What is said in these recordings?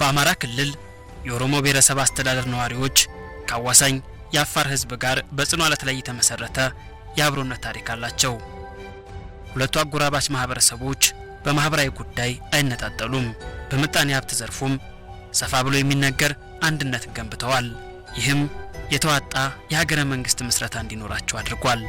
በአማራ ክልል የኦሮሞ ብሔረሰብ አስተዳደር ነዋሪዎች ከአዋሳኝ የአፋር ሕዝብ ጋር በጽኑ አለት ላይ የተመሰረተ የአብሮነት ታሪክ አላቸው። ሁለቱ አጎራባች ማህበረሰቦች በማህበራዊ ጉዳይ አይነጣጠሉም። በምጣኔ ሀብት ዘርፉም ሰፋ ብሎ የሚነገር አንድነት ገንብተዋል። ይህም የተዋጣ የሀገረ መንግስት ምስረታ እንዲኖራቸው አድርጓል።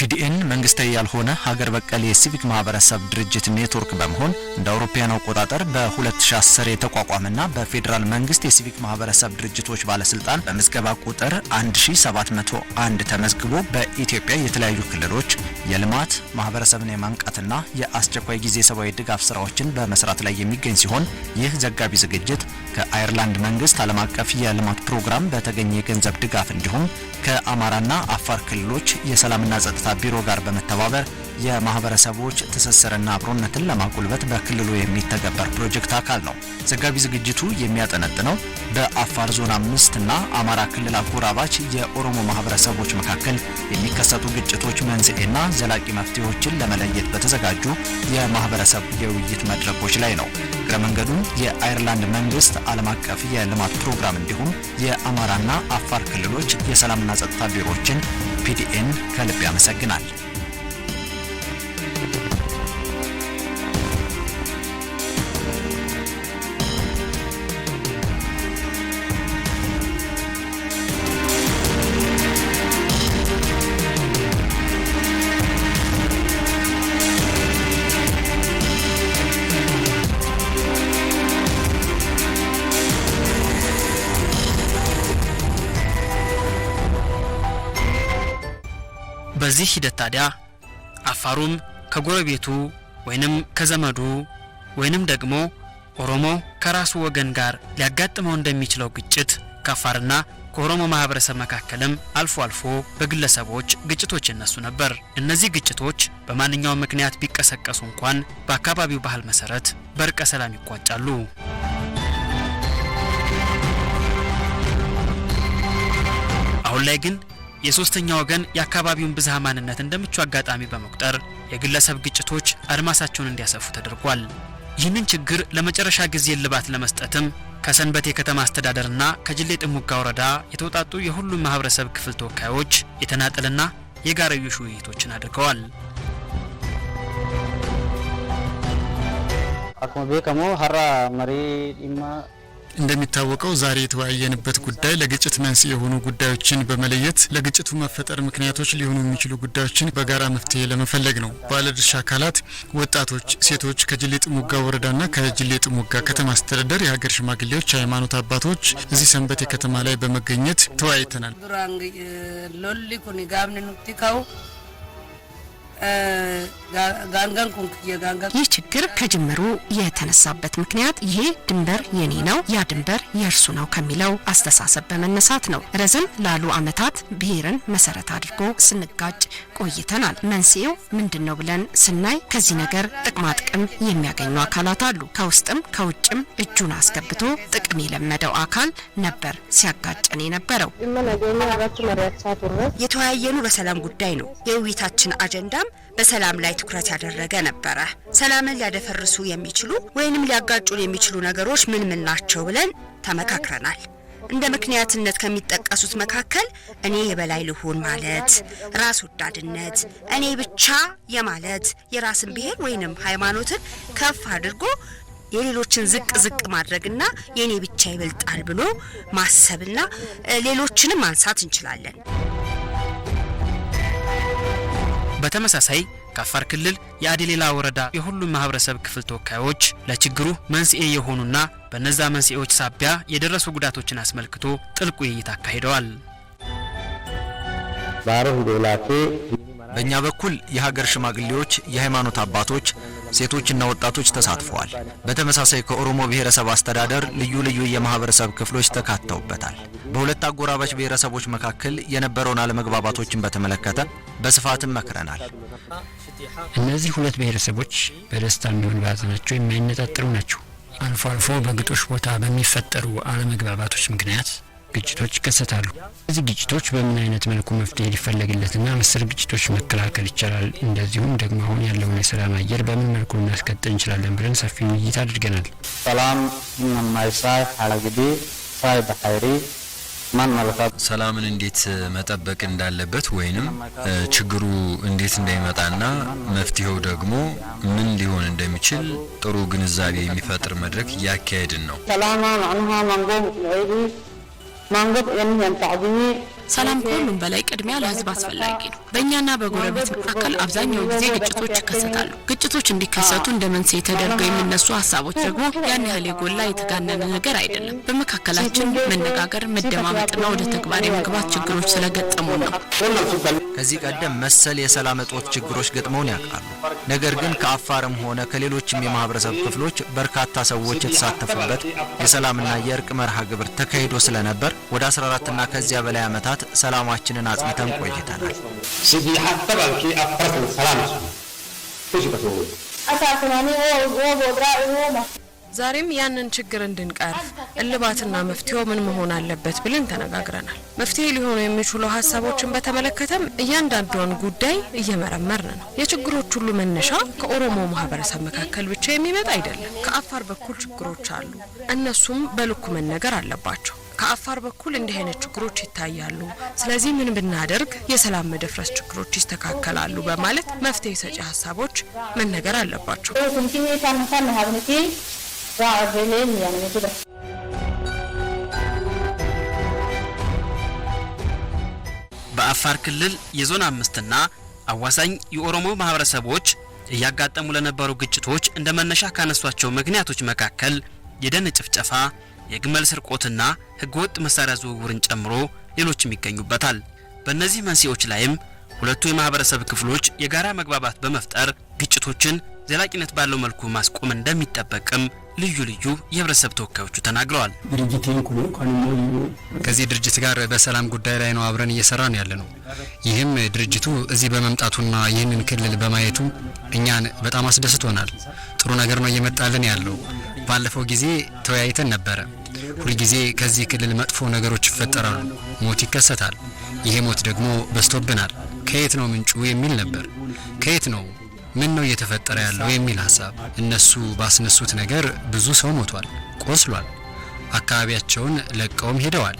ፒዲኤን መንግስታዊ ያልሆነ ሀገር በቀል የሲቪክ ማህበረሰብ ድርጅት ኔትወርክ በመሆን እንደ አውሮፓውያን አቆጣጠር በ2010 የተቋቋመና በፌዴራል መንግስት የሲቪክ ማህበረሰብ ድርጅቶች ባለስልጣን በምዝገባ ቁጥር 1701 ተመዝግቦ በኢትዮጵያ የተለያዩ ክልሎች የልማት ማህበረሰብን የማንቃትና የአስቸኳይ ጊዜ ሰብአዊ ድጋፍ ስራዎችን በመስራት ላይ የሚገኝ ሲሆን ይህ ዘጋቢ ዝግጅት ከአየርላንድ መንግስት ዓለም አቀፍ የልማት ፕሮግራም በተገኘ የገንዘብ ድጋፍ እንዲሁም ከአማራና አፋር ክልሎች የሰላምና ጸጥታ ቢሮ ጋር በመተባበር የማህበረሰቦች ትስስርና አብሮነትን ለማጎልበት በክልሉ የሚተገበር ፕሮጀክት አካል ነው። ዘጋቢ ዝግጅቱ የሚያጠነጥነው በአፋር ዞን አምስት እና አማራ ክልል አጎራባች የኦሮሞ ማህበረሰቦች መካከል የሚከሰቱ ግጭቶች መንስኤና ዘላቂ መፍትሄዎችን ለመለየት በተዘጋጁ የማህበረሰብ የውይይት መድረኮች ላይ ነው። እግረ መንገዱ የአይርላንድ መንግስት ዓለም አቀፍ የልማት ፕሮግራም እንዲሁም የአማራና አፋር ክልሎች የሰላምና ጸጥታ ቢሮዎችን ፒዲኤን ከልብ ያመሰግናል። በዚህ ሂደት ታዲያ አፋሩም ከጎረቤቱ ወይንም ከዘመዱ ወይንም ደግሞ ኦሮሞ ከራሱ ወገን ጋር ሊያጋጥመው እንደሚችለው ግጭት ከአፋርና ከኦሮሞ ማህበረሰብ መካከልም አልፎ አልፎ በግለሰቦች ግጭቶች ይነሱ ነበር። እነዚህ ግጭቶች በማንኛውም ምክንያት ቢቀሰቀሱ እንኳን በአካባቢው ባህል መሰረት በእርቀ ሰላም ይቋጫሉ። አሁን ላይ ግን የሶስተኛ ወገን የአካባቢውን ብዝሃ ማንነት እንደምቹ አጋጣሚ በመቁጠር የግለሰብ ግጭቶች አድማሳቸውን እንዲያሰፉ ተደርጓል። ይህንን ችግር ለመጨረሻ ጊዜ እልባት ለመስጠትም ከሰንበቴ ከተማ አስተዳደርና ከጅሌ ጥሙጋ ወረዳ የተውጣጡ የሁሉም ማህበረሰብ ክፍል ተወካዮች የተናጠልና የጋራዮሽ ውይይቶችን አድርገዋል። አኩማ ቤከሞ ሀራ መሪ እንደሚታወቀው ዛሬ የተወያየንበት ጉዳይ ለግጭት መንስኤ የሆኑ ጉዳዮችን በመለየት ለግጭቱ መፈጠር ምክንያቶች ሊሆኑ የሚችሉ ጉዳዮችን በጋራ መፍትሄ ለመፈለግ ነው። ባለድርሻ አካላት፣ ወጣቶች፣ ሴቶች፣ ከጅሌ ጥሙጋ ወረዳና ከጅሌ ጥሙጋ ከተማ አስተዳደር፣ የሀገር ሽማግሌዎች፣ ሃይማኖት አባቶች እዚህ ሰንበት ከተማ ላይ በመገኘት ተወያይተናል። ይህ ችግር ከጅምሩ የተነሳበት ምክንያት ይሄ ድንበር የኔ ነው፣ ያ ድንበር የእርሱ ነው ከሚለው አስተሳሰብ በመነሳት ነው። ረዘም ላሉ ዓመታት ብሔርን መሰረት አድርጎ ስንጋጭ ቆይተናል። መንስኤው ምንድን ነው ብለን ስናይ ከዚህ ነገር ጥቅማ ጥቅም የሚያገኙ አካላት አሉ። ከውስጥም ከውጭም እጁን አስገብቶ ጥቅም የለመደው አካል ነበር ሲያጋጨን የነበረው። የተወያየኑ በሰላም ጉዳይ ነው። የውይይታችን አጀንዳም ቢሆንም በሰላም ላይ ትኩረት ያደረገ ነበረ። ሰላምን ሊያደፈርሱ የሚችሉ ወይንም ሊያጋጩን የሚችሉ ነገሮች ምን ምን ናቸው ብለን ተመካክረናል። እንደ ምክንያትነት ከሚጠቀሱት መካከል እኔ የበላይ ልሆን ማለት፣ ራስ ወዳድነት፣ እኔ ብቻ የማለት የራስን ብሔር ወይንም ሃይማኖትን ከፍ አድርጎ የሌሎችን ዝቅ ዝቅ ማድረግና የእኔ ብቻ ይበልጣል ብሎ ማሰብና ሌሎችንም ማንሳት እንችላለን። በተመሳሳይ ከአፋር ክልል የአዲሌላ ወረዳ የሁሉም ማህበረሰብ ክፍል ተወካዮች ለችግሩ መንስኤ የሆኑና በነዛ መንስኤዎች ሳቢያ የደረሱ ጉዳቶችን አስመልክቶ ጥልቁ ውይይት አካሂደዋል። በእኛ በኩል የሀገር ሽማግሌዎች፣ የሃይማኖት አባቶች ሴቶችና ወጣቶች ተሳትፈዋል። በተመሳሳይ ከኦሮሞ ብሔረሰብ አስተዳደር ልዩ ልዩ የማህበረሰብ ክፍሎች ተካተውበታል። በሁለት አጎራባች ብሔረሰቦች መካከል የነበረውን አለመግባባቶችን በተመለከተ በስፋትም መክረናል። እነዚህ ሁለት ብሔረሰቦች በደስታ የሚሆን በሀዘናቸው የማይነጣጥሩ ናቸው። አልፎ አልፎ በግጦሽ ቦታ በሚፈጠሩ አለመግባባቶች ምክንያት ግጭቶች ይከሰታሉ። እነዚህ ግጭቶች በምን አይነት መልኩ መፍትሄ ሊፈለግለትና መሰል ግጭቶች መከላከል ይቻላል፣ እንደዚሁም ደግሞ አሁን ያለውን የሰላም አየር በምን መልኩ ልናስቀጥል እንችላለን ብለን ሰፊ ውይይት አድርገናል። ሰላም ማይሳይ አለግዲ ሳይ በሀይሪ ሰላምን እንዴት መጠበቅ እንዳለበት ወይንም ችግሩ እንዴት እንዳይመጣና መፍትሄው ደግሞ ምን ሊሆን እንደሚችል ጥሩ ግንዛቤ የሚፈጥር መድረክ እያካሄድን ነው። ሰላም ከሁሉም በላይ ቅድሚያ ለህዝብ አስፈላጊ ነው። በእኛና በጎረቤት መካከል አብዛኛው ጊዜ ግጭቶች ይከሰታሉ። ግጭቶች እንዲከሰቱ እንደ መንስኤ ተደርገው የሚነሱ ሀሳቦች ደግሞ ያን ያህል የጎላ የተጋነነ ነገር አይደለም። በመካከላችን መነጋገር፣ መደማመጥና ወደ ተግባር የመግባት ችግሮች ስለገጠሙ ነው። ከዚህ ቀደም መሰል የሰላም እጦት ችግሮች ገጥመውን ያውቃሉ። ነገር ግን ከአፋርም ሆነ ከሌሎችም የማህበረሰብ ክፍሎች በርካታ ሰዎች የተሳተፉበት የሰላምና የእርቅ መርሃ ግብር ተካሂዶ ስለነበር ወደ 14 እና ከዚያ በላይ ዓመታት ሰላማችንን አጽንተን ቆይተናል። ዛሬም ያንን ችግር እንድንቀርፍ እልባትና መፍትሄው ምን መሆን አለበት ብለን ተነጋግረናል። መፍትሄ ሊሆኑ የሚችሉ ሀሳቦችን በተመለከተም እያንዳንዷን ጉዳይ እየመረመርን ነው። የችግሮች ሁሉ መነሻ ከኦሮሞ ማህበረሰብ መካከል ብቻ የሚመጣ አይደለም። ከአፋር በኩል ችግሮች አሉ። እነሱም በልኩ መነገር አለባቸው። ከአፋር በኩል እንዲህ አይነት ችግሮች ይታያሉ። ስለዚህ ምን ብናደርግ የሰላም መደፍረስ ችግሮች ይስተካከላሉ በማለት መፍትሄ ሰጪ ሀሳቦች መነገር አለባቸው። በአፋር ክልል የዞን አምስትና አዋሳኝ የኦሮሞ ማህበረሰቦች እያጋጠሙ ለነበሩ ግጭቶች እንደ መነሻ ካነሷቸው ምክንያቶች መካከል የደን ጭፍጨፋ፣ የግመል ስርቆትና ህገወጥ መሳሪያ ዝውውርን ጨምሮ ሌሎችም ይገኙበታል። በእነዚህ መንስኤዎች ላይም ሁለቱ የማህበረሰብ ክፍሎች የጋራ መግባባት በመፍጠር ግጭቶችን ዘላቂነት ባለው መልኩ ማስቆም እንደሚጠበቅም ልዩ ልዩ የህብረተሰብ ተወካዮቹ ተናግረዋል። ከዚህ ድርጅት ጋር በሰላም ጉዳይ ላይ ነው አብረን እየሰራን ያለ ነው። ይህም ድርጅቱ እዚህ በመምጣቱና ይህንን ክልል በማየቱ እኛን በጣም አስደስቶናል። ጥሩ ነገር ነው እየመጣልን ያለው። ባለፈው ጊዜ ተወያይተን ነበረ። ሁልጊዜ ከዚህ ክልል መጥፎ ነገሮች ይፈጠራሉ፣ ሞት ይከሰታል። ይሄ ሞት ደግሞ በዝቶብናል። ከየት ነው ምንጩ የሚል ነበር። ከየት ነው ምን ነው እየተፈጠረ ያለው የሚል ሀሳብ እነሱ ባስነሱት ነገር ብዙ ሰው ሞቷል፣ ቆስሏል፣ አካባቢያቸውን ለቀውም ሄደዋል።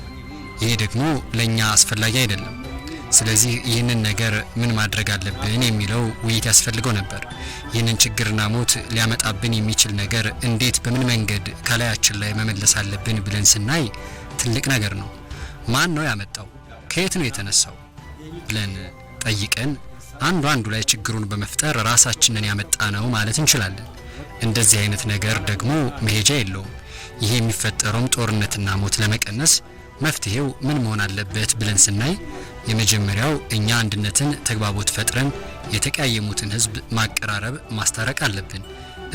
ይሄ ደግሞ ለእኛ አስፈላጊ አይደለም። ስለዚህ ይህንን ነገር ምን ማድረግ አለብን የሚለው ውይይት ያስፈልገው ነበር። ይህንን ችግርና ሞት ሊያመጣብን የሚችል ነገር እንዴት በምን መንገድ ከላያችን ላይ መመለስ አለብን ብለን ስናይ ትልቅ ነገር ነው። ማን ነው ያመጣው? ከየት ነው የተነሳው? ብለን ጠይቀን አንዱ አንዱ ላይ ችግሩን በመፍጠር ራሳችንን ያመጣ ነው ማለት እንችላለን። እንደዚህ አይነት ነገር ደግሞ መሄጃ የለውም። ይሄ የሚፈጠረውም ጦርነትና ሞት ለመቀነስ መፍትሄው ምን መሆን አለበት ብለን ስናይ የመጀመሪያው እኛ አንድነትን፣ ተግባቦት ፈጥረን የተቀያየሙትን ህዝብ ማቀራረብ፣ ማስታረቅ አለብን።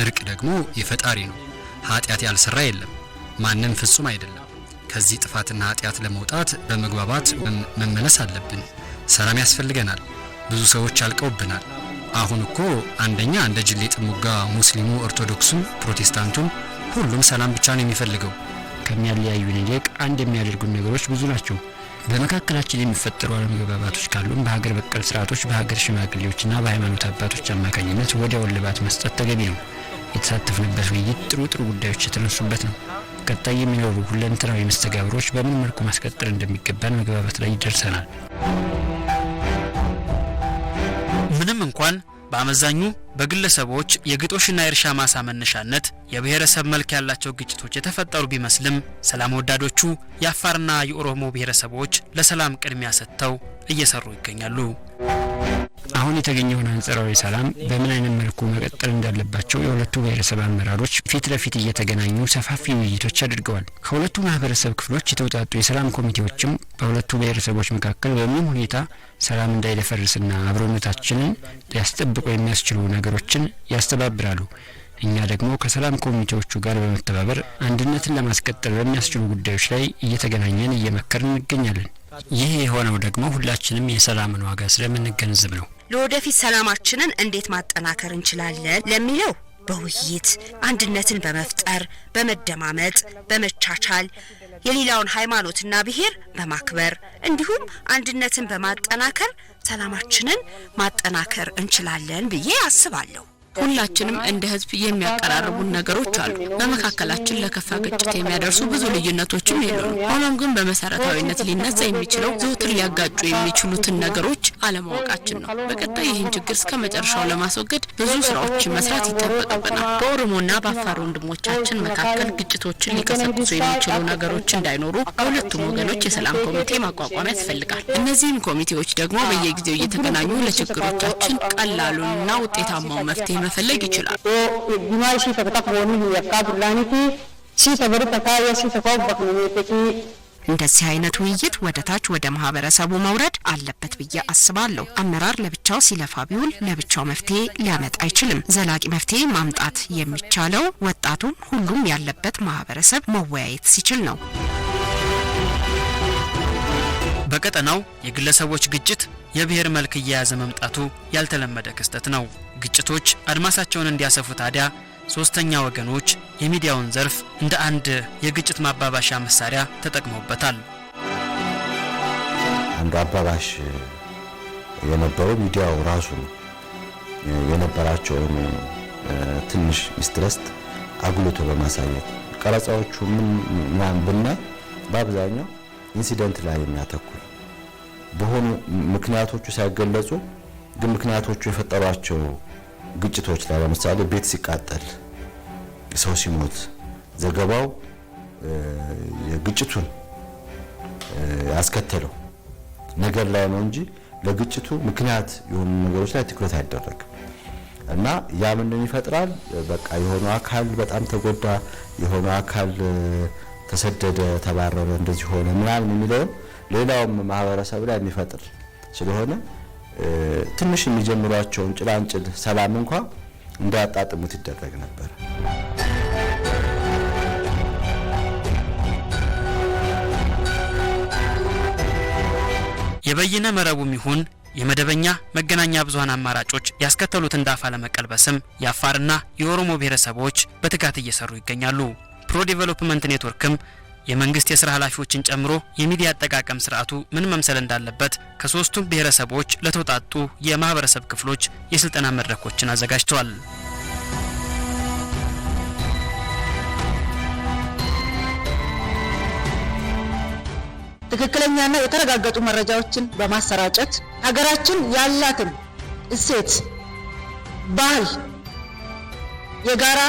እርቅ ደግሞ የፈጣሪ ነው። ኃጢአት ያልሰራ የለም፣ ማንም ፍጹም አይደለም። ከዚህ ጥፋትና ኃጢአት ለመውጣት በመግባባት መመለስ አለብን። ሰላም ያስፈልገናል። ብዙ ሰዎች አልቀውብናል። አሁን እኮ አንደኛ እንደ ጅሌ ጥሙጋ ሙስሊሙ፣ ኦርቶዶክሱ፣ ፕሮቴስታንቱም ሁሉም ሰላም ብቻ ነው የሚፈልገው። ከሚያለያዩን ይልቅ አንድ የሚያደርጉን ነገሮች ብዙ ናቸው። በመካከላችን የሚፈጠሩ አለመግባባቶች ካሉም በሀገር በቀል ስርዓቶች፣ በሀገር ሽማግሌዎችና በሃይማኖት አባቶች አማካኝነት ወደ ወልባት መስጠት ተገቢ ነው። የተሳተፍንበት ውይይት ጥሩ ጥሩ ጉዳዮች የተነሱበት ነው። ቀጣይ የሚኖሩ ሁለንተናዊ መስተጋብሮች በምን መልኩ ማስቀጠል እንደሚገባን መግባባት ላይ ይደርሰናል። ምንም እንኳን በአመዛኙ በግለሰቦች የግጦሽና የእርሻ ማሳ መነሻነት የብሔረሰብ መልክ ያላቸው ግጭቶች የተፈጠሩ ቢመስልም ሰላም ወዳዶቹ የአፋርና የኦሮሞ ብሔረሰቦች ለሰላም ቅድሚያ ሰጥተው እየሰሩ ይገኛሉ። አሁን የተገኘውን አንጻራዊ ሰላም በምን አይነት መልኩ መቀጠል እንዳለባቸው የሁለቱ ብሔረሰብ አመራሮች ፊት ለፊት እየተገናኙ ሰፋፊ ውይይቶች አድርገዋል። ከሁለቱ ማህበረሰብ ክፍሎች የተውጣጡ የሰላም ኮሚቴዎችም በሁለቱ ብሔረሰቦች መካከል በምንም ሁኔታ ሰላም እንዳይደፈርስና አብሮነታችንን ሊያስጠብቁ የሚያስችሉ ነገሮችን ያስተባብራሉ። እኛ ደግሞ ከሰላም ኮሚቴዎቹ ጋር በመተባበር አንድነትን ለማስቀጠል በሚያስችሉ ጉዳዮች ላይ እየተገናኘን እየመከርን እንገኛለን። ይህ የሆነው ደግሞ ሁላችንም የሰላምን ዋጋ ስለምንገንዝብ ነው። ለወደፊት ሰላማችንን እንዴት ማጠናከር እንችላለን ለሚለው በውይይት አንድነትን በመፍጠር በመደማመጥ፣ በመቻቻል የሌላውን ሃይማኖትና ብሔር በማክበር እንዲሁም አንድነትን በማጠናከር ሰላማችንን ማጠናከር እንችላለን ብዬ አስባለሁ። ሁላችንም እንደ ህዝብ የሚያቀራርቡን ነገሮች አሉ። በመካከላችን ለከፋ ግጭት የሚያደርሱ ብዙ ልዩነቶችም የሉንም። ሆኖም ግን በመሰረታዊነት ሊነሳ የሚችለው ዘውትር ሊያጋጩ የሚችሉትን ነገሮች አለማወቃችን ነው። በቀጣይ ይህን ችግር እስከ መጨረሻው ለማስወገድ ብዙ ስራዎችን መስራት ይጠበቅብናል። በኦሮሞና በአፋር ወንድሞቻችን መካከል ግጭቶችን ሊቀሰቅሱ የሚችሉ ነገሮች እንዳይኖሩ በሁለቱም ወገኖች የሰላም ኮሚቴ ማቋቋም ያስፈልጋል። እነዚህም ኮሚቴዎች ደግሞ በየጊዜው እየተገናኙ ለችግሮቻችን ቀላሉንና ውጤታማው መፍትሄ መፈለግ ይችላል። ሲ ተበሪ ተካያ ሲ ተኮ እንደዚህ አይነት ውይይት ወደ ታች ወደ ማህበረሰቡ መውረድ አለበት ብዬ አስባለሁ። አመራር ለብቻው ሲለፋ ቢውል ለብቻው መፍትሄ ሊያመጣ አይችልም። ዘላቂ መፍትሄ ማምጣት የሚቻለው ወጣቱም ሁሉም ያለበት ማህበረሰብ መወያየት ሲችል ነው። በቀጠናው የግለሰቦች ግጭት የብሔር መልክ እየያዘ መምጣቱ ያልተለመደ ክስተት ነው። ግጭቶች አድማሳቸውን እንዲያሰፉ ታዲያ ሶስተኛ ወገኖች የሚዲያውን ዘርፍ እንደ አንድ የግጭት ማባባሻ መሳሪያ ተጠቅመውበታል። አንዱ አባባሽ የነበረው ሚዲያው ራሱ ነው። የነበራቸውን ትንሽ ሚስትረስት አጉልቶ በማሳየት ቀረጻዎቹ ምን ምናምን ብናይ በአብዛኛው ኢንሲደንት ላይ የሚያተኩር በሆኑ ምክንያቶቹ ሳይገለጹ ግን ምክንያቶቹ የፈጠሯቸው ግጭቶች ላይ ለምሳሌ ቤት ሲቃጠል፣ ሰው ሲሞት ዘገባው የግጭቱን ያስከተለው ነገር ላይ ነው እንጂ ለግጭቱ ምክንያት የሆኑ ነገሮች ላይ ትኩረት አይደረግም እና ያ ምንድን ይፈጥራል? በቃ የሆነ አካል በጣም ተጎዳ፣ የሆነ አካል ተሰደደ፣ ተባረረ፣ እንደዚህ ሆነ ምናምን የሚለውን ሌላውም ማህበረሰብ ላይ የሚፈጥር ስለሆነ ትንሽ የሚጀምሯቸውን ጭላንጭል ሰላም እንኳ እንዳያጣጥሙት ይደረግ ነበር። የበይነ መረቡም ይሁን የመደበኛ መገናኛ ብዙሃን አማራጮች ያስከተሉትን ዳፋ ለመቀልበስም የአፋርና የኦሮሞ ብሔረሰቦች በትጋት እየሰሩ ይገኛሉ። ፕሮ ዴቨሎፕመንት ኔትወርክም የመንግስት የስራ ኃላፊዎችን ጨምሮ የሚዲያ አጠቃቀም ስርዓቱ ምን መምሰል እንዳለበት ከሶስቱም ብሔረሰቦች ለተውጣጡ የማህበረሰብ ክፍሎች የስልጠና መድረኮችን አዘጋጅተዋል። ትክክለኛና የተረጋገጡ መረጃዎችን በማሰራጨት ሀገራችን ያላትን እሴት፣ ባህል፣ የጋራ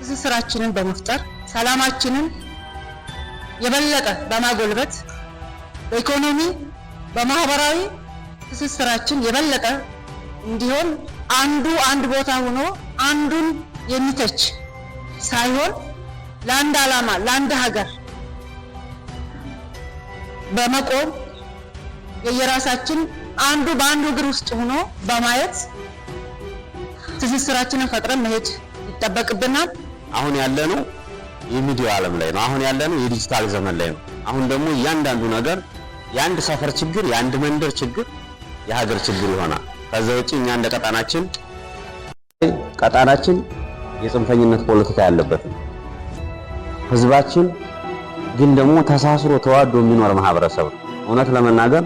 ትስስራችንን በመፍጠር ሰላማችንን የበለጠ በማጎልበት በኢኮኖሚ በማህበራዊ ትስስራችን የበለጠ እንዲሆን አንዱ አንድ ቦታ ሆኖ አንዱን የሚተች ሳይሆን ለአንድ ዓላማ ለአንድ ሀገር በመቆም የየራሳችን አንዱ በአንዱ እግር ውስጥ ሆኖ በማየት ትስስራችንን ፈጥረን መሄድ ይጠበቅብናል። አሁን ያለ ነው የሚዲያው ዓለም ላይ ነው። አሁን ያለነው የዲጂታል ዘመን ላይ ነው። አሁን ደግሞ እያንዳንዱ ነገር የአንድ ሰፈር ችግር፣ የአንድ መንደር ችግር የሀገር ችግር ይሆናል። ከዛ ውጭ እኛ እንደ ቀጣናችን ቀጣናችን የጽንፈኝነት ፖለቲካ ያለበት ነው። ህዝባችን ግን ደግሞ ተሳስሮ ተዋዶ የሚኖር ማህበረሰብ ነው። እውነት ለመናገር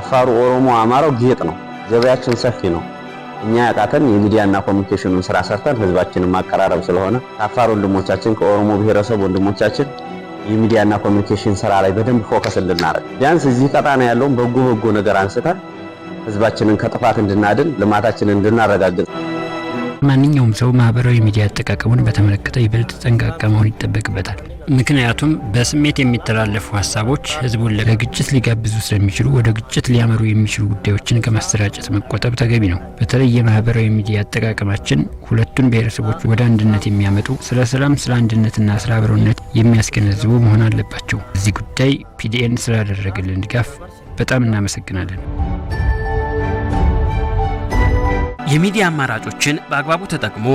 አፋሩ፣ ኦሮሞ፣ አማራው ጌጥ ነው። ገበያችን ሰፊ ነው። እኛ ያቃተን የሚዲያና ኮሚኒኬሽኑን ስራ ሰርተን ህዝባችንን ማቀራረብ ስለሆነ ከአፋር ወንድሞቻችን ከኦሮሞ ብሔረሰብ ወንድሞቻችን የሚዲያና ኮሚኒኬሽን ስራ ላይ በደንብ ፎከስ እንድናደርግ ቢያንስ እዚህ ቀጣና ያለውን በጎ በጎ ነገር አንስተን ህዝባችንን ከጥፋት እንድናድን ልማታችንን እንድናረጋግጥ ማንኛውም ሰው ማህበራዊ ሚዲያ አጠቃቀሙን በተመለከተ ይበልጥ ጠንቃቃ መሆን ይጠበቅበታል። ምክንያቱም በስሜት የሚተላለፉ ሀሳቦች ህዝቡን ለግጭት ሊጋብዙ ስለሚችሉ ወደ ግጭት ሊያመሩ የሚችሉ ጉዳዮችን ከማሰራጨት መቆጠብ ተገቢ ነው። በተለይ የማህበራዊ ሚዲያ አጠቃቀማችን ሁለቱን ብሔረሰቦች ወደ አንድነት የሚያመጡ ስለ ሰላም፣ ስለ አንድነትና ስለ አብሮነት የሚያስገነዝቡ መሆን አለባቸው። እዚህ ጉዳይ ፒዲኤን ስላደረገልን ድጋፍ በጣም እናመሰግናለን። የሚዲያ አማራጮችን በአግባቡ ተጠቅሞ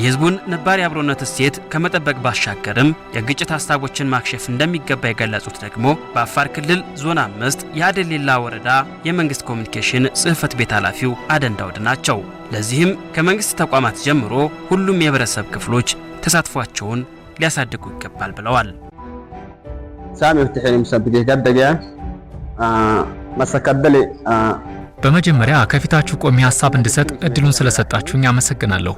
የህዝቡን ነባር የአብሮነት እሴት ከመጠበቅ ባሻገርም የግጭት ሀሳቦችን ማክሸፍ እንደሚገባ የገለጹት ደግሞ በአፋር ክልል ዞን አምስት የአደሌላ ወረዳ የመንግስት ኮሚኒኬሽን ጽህፈት ቤት ኃላፊው አደን ናቸው። ለዚህም ከመንግስት ተቋማት ጀምሮ ሁሉም የህብረተሰብ ክፍሎች ተሳትፏቸውን ሊያሳድጉ ይገባል ብለዋል። ሳሚ በመጀመሪያ ከፊታችሁ ቆሜ ሀሳብ እንድሰጥ እድሉን ስለሰጣችሁኝ አመሰግናለሁ።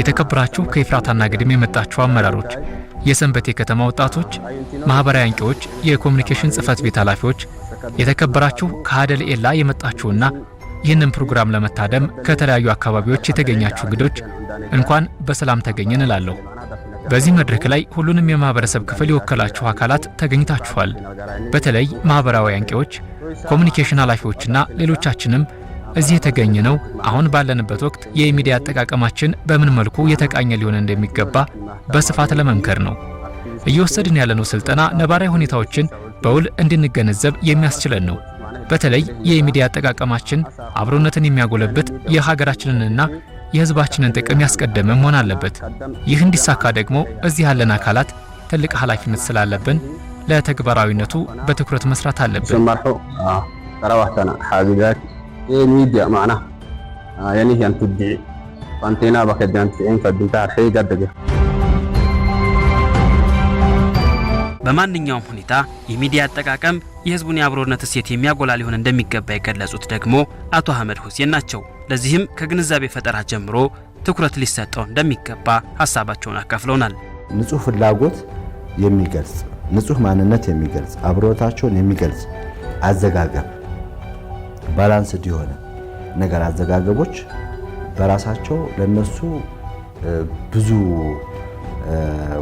የተከበራችሁ ከኤፍራታና ግድም የመጣችሁ አመራሮች፣ የሰንበቴ ከተማ ወጣቶች፣ ማህበራዊ አንቂዎች፣ የኮሚኒኬሽን ጽህፈት ቤት ኃላፊዎች፣ የተከበራችሁ ከሀደል ኤላ የመጣችሁና ይህንን ፕሮግራም ለመታደም ከተለያዩ አካባቢዎች የተገኛችሁ እንግዶች እንኳን በሰላም ተገኘን እላለሁ። በዚህ መድረክ ላይ ሁሉንም የማህበረሰብ ክፍል የወከላችሁ አካላት ተገኝታችኋል። በተለይ ማህበራዊ አንቂዎች ኮሚኒኬሽን ኃላፊዎችና ሌሎቻችንም እዚህ የተገኘ ነው አሁን ባለንበት ወቅት የሚዲያ አጠቃቀማችን በምን መልኩ የተቃኘ ሊሆን እንደሚገባ በስፋት ለመምከር ነው። እየወሰድን ያለነው ስልጠና ነባራዊ ሁኔታዎችን በውል እንድንገነዘብ የሚያስችለን ነው። በተለይ የሚዲያ አጠቃቀማችን አብሮነትን የሚያጎለብት የሀገራችንንና የሕዝባችንን ጥቅም ያስቀደመ መሆን አለበት። ይህ እንዲሳካ ደግሞ እዚህ ያለን አካላት ትልቅ ኃላፊነት ስላለብን ለተግባራዊነቱ በትኩረት መስራት አለብን። በማንኛውም ሁኔታ የሚዲያ አጠቃቀም የህዝቡን የአብሮነት እሴት የሚያጎላ ሊሆን እንደሚገባ የገለጹት ደግሞ አቶ አህመድ ሁሴን ናቸው። ለዚህም ከግንዛቤ ፈጠራ ጀምሮ ትኩረት ሊሰጠው እንደሚገባ ሀሳባቸውን አካፍለውናል። ንጹህ ፍላጎት የሚገልጽ ንጹህ ማንነት የሚገልጽ አብሮታቸውን የሚገልጽ አዘጋገብ ባላንስድ የሆነ ነገር አዘጋገቦች በራሳቸው ለነሱ ብዙ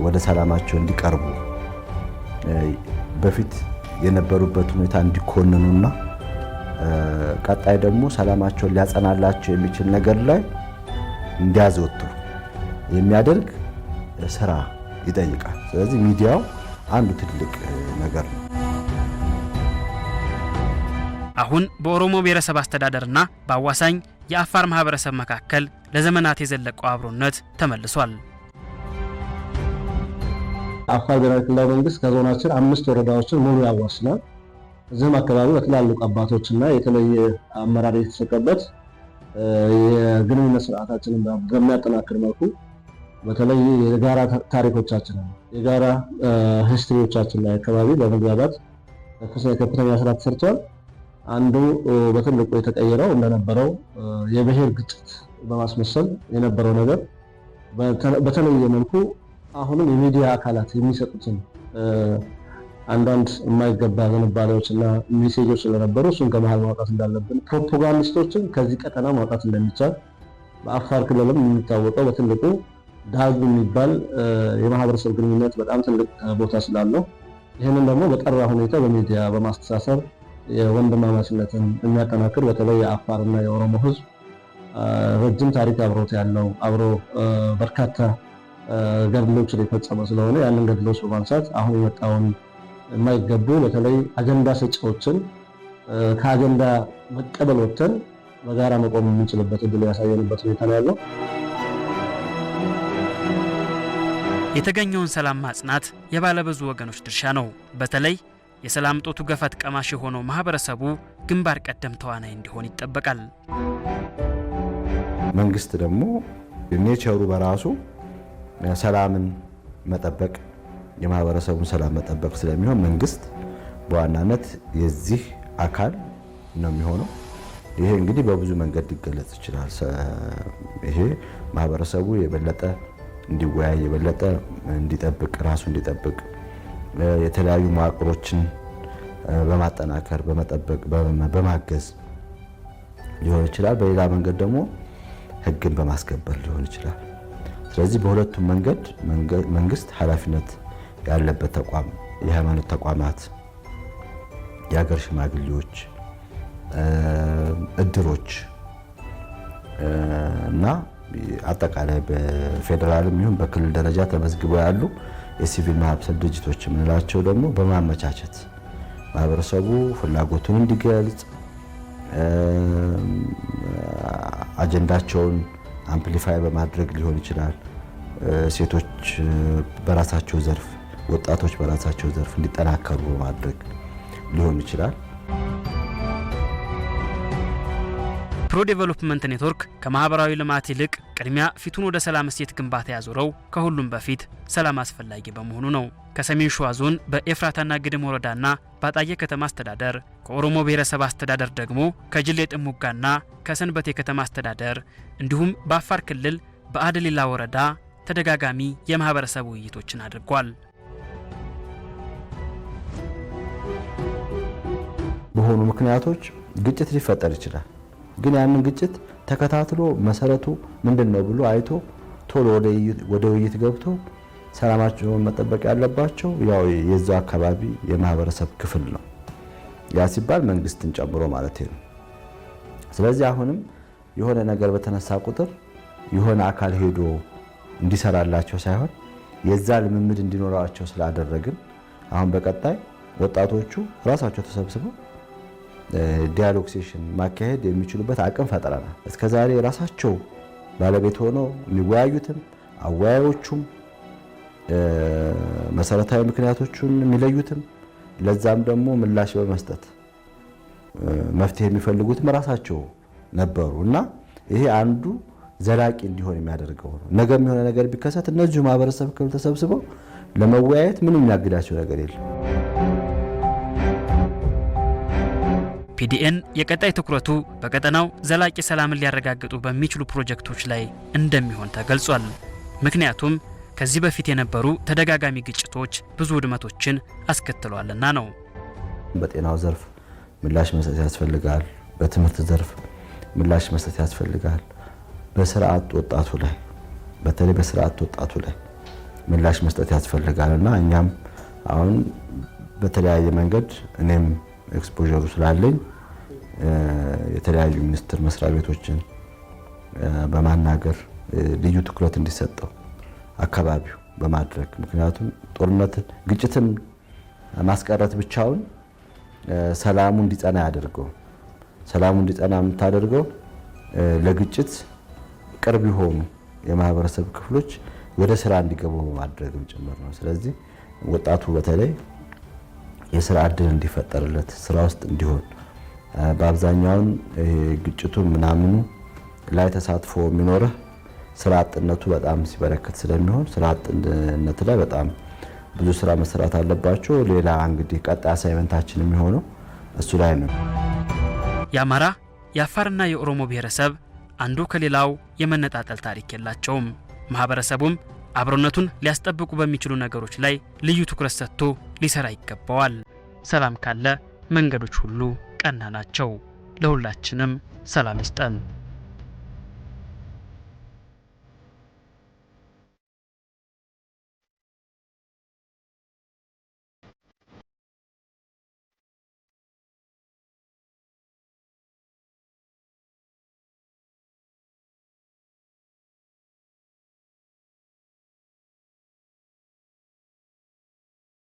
ወደ ሰላማቸው እንዲቀርቡ በፊት የነበሩበት ሁኔታ እንዲኮንኑና ቀጣይ ደግሞ ሰላማቸውን ሊያጸናላቸው የሚችል ነገር ላይ እንዲያዘወትሩ የሚያደርግ ስራ ይጠይቃል። ስለዚህ ሚዲያው አንዱ ትልቅ ነገር ነው። አሁን በኦሮሞ ብሔረሰብ አስተዳደርና በአዋሳኝ የአፋር ማህበረሰብ መካከል ለዘመናት የዘለቀው አብሮነት ተመልሷል። አፋር ብሔራዊ ክልላዊ መንግስት ከዞናችን አምስት ወረዳዎችን ሙሉ ያዋስናል። እዚህም አካባቢ በትላልቅ አባቶችና የተለየ አመራር የተሰጠበት የግንኙነት ስርዓታችንን በሚያጠናክር መልኩ በተለይ የጋራ ታሪኮቻችንን የጋራ ሂስትሪዎቻችን ላይ አካባቢ በመግባባት ከፍተኛ ስራ ተሰርቷል። አንዱ በትልቁ የተቀየረው እንደነበረው የብሔር ግጭት በማስመሰል የነበረው ነገር በተለየ መልኩ አሁንም የሚዲያ አካላት የሚሰጡትን አንዳንድ የማይገባ ዝንባሌዎች እና ሜሴጆች ስለነበሩ እሱን ከመሀል ማውጣት እንዳለብን፣ ፕሮፓጋንዲስቶችን ከዚህ ቀጠና ማውጣት እንደሚቻል በአፋር ክልልም የሚታወቀው በትልቁ ዳጉ የሚባል የማህበረሰብ ግንኙነት በጣም ትልቅ ቦታ ስላለው ይህንን ደግሞ በጠራ ሁኔታ በሚዲያ በማስተሳሰብ የወንድማማችነትን የሚያጠናክር በተለይ የአፋርና የኦሮሞ ህዝብ ረጅም ታሪክ አብሮት ያለው አብሮ በርካታ ገድሎች የፈጸመ ስለሆነ ያንን ገድሎች በማንሳት አሁን የመጣውን የማይገቡ በተለይ አጀንዳ ሰጪዎችን ከአጀንዳ መቀበል ወጥተን በጋራ መቆም የምንችልበት እድል ያሳየንበት ሁኔታ ነው ያለው። የተገኘውን ሰላም ማጽናት የባለብዙ ወገኖች ድርሻ ነው። በተለይ የሰላም ጦቱ ገፈት ቀማሽ የሆነው ማህበረሰቡ ግንባር ቀደም ተዋናይ እንዲሆን ይጠበቃል። መንግስት ደግሞ ኔቸሩ በራሱ ሰላምን መጠበቅ የማህበረሰቡን ሰላም መጠበቅ ስለሚሆን መንግስት በዋናነት የዚህ አካል ነው የሚሆነው። ይሄ እንግዲህ በብዙ መንገድ ሊገለጽ ይችላል። ይሄ ማህበረሰቡ የበለጠ እንዲወያይ የበለጠ እንዲጠብቅ ራሱ እንዲጠብቅ የተለያዩ መዋቅሮችን በማጠናከር በመጠበቅ በማገዝ ሊሆን ይችላል። በሌላ መንገድ ደግሞ ህግን በማስከበር ሊሆን ይችላል። ስለዚህ በሁለቱም መንገድ መንግስት ኃላፊነት ያለበት ተቋም የሃይማኖት ተቋማት፣ የሀገር ሽማግሌዎች፣ እድሮች እና አጠቃላይ በፌዴራልም ይሁን በክልል ደረጃ ተመዝግበው ያሉ የሲቪል ማህበረሰብ ድርጅቶች የምንላቸው ደግሞ በማመቻቸት ማህበረሰቡ ፍላጎቱን እንዲገልጽ አጀንዳቸውን አምፕሊፋይ በማድረግ ሊሆን ይችላል። ሴቶች በራሳቸው ዘርፍ፣ ወጣቶች በራሳቸው ዘርፍ እንዲጠናከሩ በማድረግ ሊሆን ይችላል። የፕሮ ዴቨሎፕመንት ኔትወርክ ከማህበራዊ ልማት ይልቅ ቅድሚያ ፊቱን ወደ ሰላም እሴት ግንባታ ያዞረው ከሁሉም በፊት ሰላም አስፈላጊ በመሆኑ ነው። ከሰሜን ሸዋ ዞን በኤፍራታና ግድም ወረዳና በአጣዬ ከተማ አስተዳደር፣ ከኦሮሞ ብሔረሰብ አስተዳደር ደግሞ ከጅሌ ጥሙጋና ከሰንበቴ ከተማ አስተዳደር እንዲሁም በአፋር ክልል በአደሌላ ወረዳ ተደጋጋሚ የማህበረሰብ ውይይቶችን አድርጓል። በሆኑ ምክንያቶች ግጭት ሊፈጠር ይችላል። ግን ያንን ግጭት ተከታትሎ መሰረቱ ምንድን ነው ብሎ አይቶ ቶሎ ወደ ውይይት ገብቶ ሰላማቸውን መጠበቅ ያለባቸው ያው የዛው አካባቢ የማህበረሰብ ክፍል ነው። ያ ሲባል መንግስትን ጨምሮ ማለት ነው። ስለዚህ አሁንም የሆነ ነገር በተነሳ ቁጥር የሆነ አካል ሄዶ እንዲሰራላቸው ሳይሆን የዛ ልምምድ እንዲኖራቸው ስላደረግን አሁን በቀጣይ ወጣቶቹ ራሳቸው ተሰብስበው ዲያሎግ ሴሽን ማካሄድ የሚችሉበት አቅም ፈጥረናል። እስከዛሬ ራሳቸው ባለቤት ሆነው የሚወያዩትም አወያዮቹም መሰረታዊ ምክንያቶቹን የሚለዩትም ለዛም ደግሞ ምላሽ በመስጠት መፍትሄ የሚፈልጉትም ራሳቸው ነበሩ እና ይሄ አንዱ ዘላቂ እንዲሆን የሚያደርገው ነው። ነገ የሆነ ነገር ቢከሰት እነዚሁ ማህበረሰብ ክፍል ተሰብስበው ለመወያየት ምንም የሚያግዳቸው ነገር የለም። ፒዲኤን የቀጣይ ትኩረቱ በቀጠናው ዘላቂ ሰላምን ሊያረጋግጡ በሚችሉ ፕሮጀክቶች ላይ እንደሚሆን ተገልጿል። ምክንያቱም ከዚህ በፊት የነበሩ ተደጋጋሚ ግጭቶች ብዙ ውድመቶችን አስከትለዋልና ነው። በጤናው ዘርፍ ምላሽ መስጠት ያስፈልጋል። በትምህርት ዘርፍ ምላሽ መስጠት ያስፈልጋል። በስርዓት ወጣቱ ላይ በተለይ በስርዓት ወጣቱ ላይ ምላሽ መስጠት ያስፈልጋል እና እኛም አሁን በተለያየ መንገድ እኔም ኤክስፖሩ ስላለኝ የተለያዩ ሚኒስቴር መስሪያ ቤቶችን በማናገር ልዩ ትኩረት እንዲሰጠው አካባቢው በማድረግ ምክንያቱም ጦርነትን፣ ግጭትን ማስቀረት ብቻውን ሰላሙ እንዲጸና ያደርገው ሰላሙ እንዲጸና የምታደርገው ለግጭት ቅርብ የሆኑ የማህበረሰብ ክፍሎች ወደ ስራ እንዲገቡ በማድረግም ጭምር ነው። ስለዚህ ወጣቱ በተለይ የስራ እድል እንዲፈጠርለት ስራ ውስጥ እንዲሆን በአብዛኛውን ግጭቱ ምናምኑ ላይ ተሳትፎ የሚኖርህ ስራ አጥነቱ በጣም ሲበረከት ስለሚሆን ስራ አጥነት ላይ በጣም ብዙ ስራ መሰራት አለባቸው። ሌላ እንግዲህ ቀጣይ አሳይመንታችን የሚሆነው እሱ ላይ ነው። የአማራ የአፋርና የኦሮሞ ብሔረሰብ አንዱ ከሌላው የመነጣጠል ታሪክ የላቸውም። ማህበረሰቡም አብሮነቱን ሊያስጠብቁ በሚችሉ ነገሮች ላይ ልዩ ትኩረት ሰጥቶ ሊሰራ ይገባዋል። ሰላም ካለ መንገዶች ሁሉ ቀና ናቸው። ለሁላችንም ሰላም ይስጠን።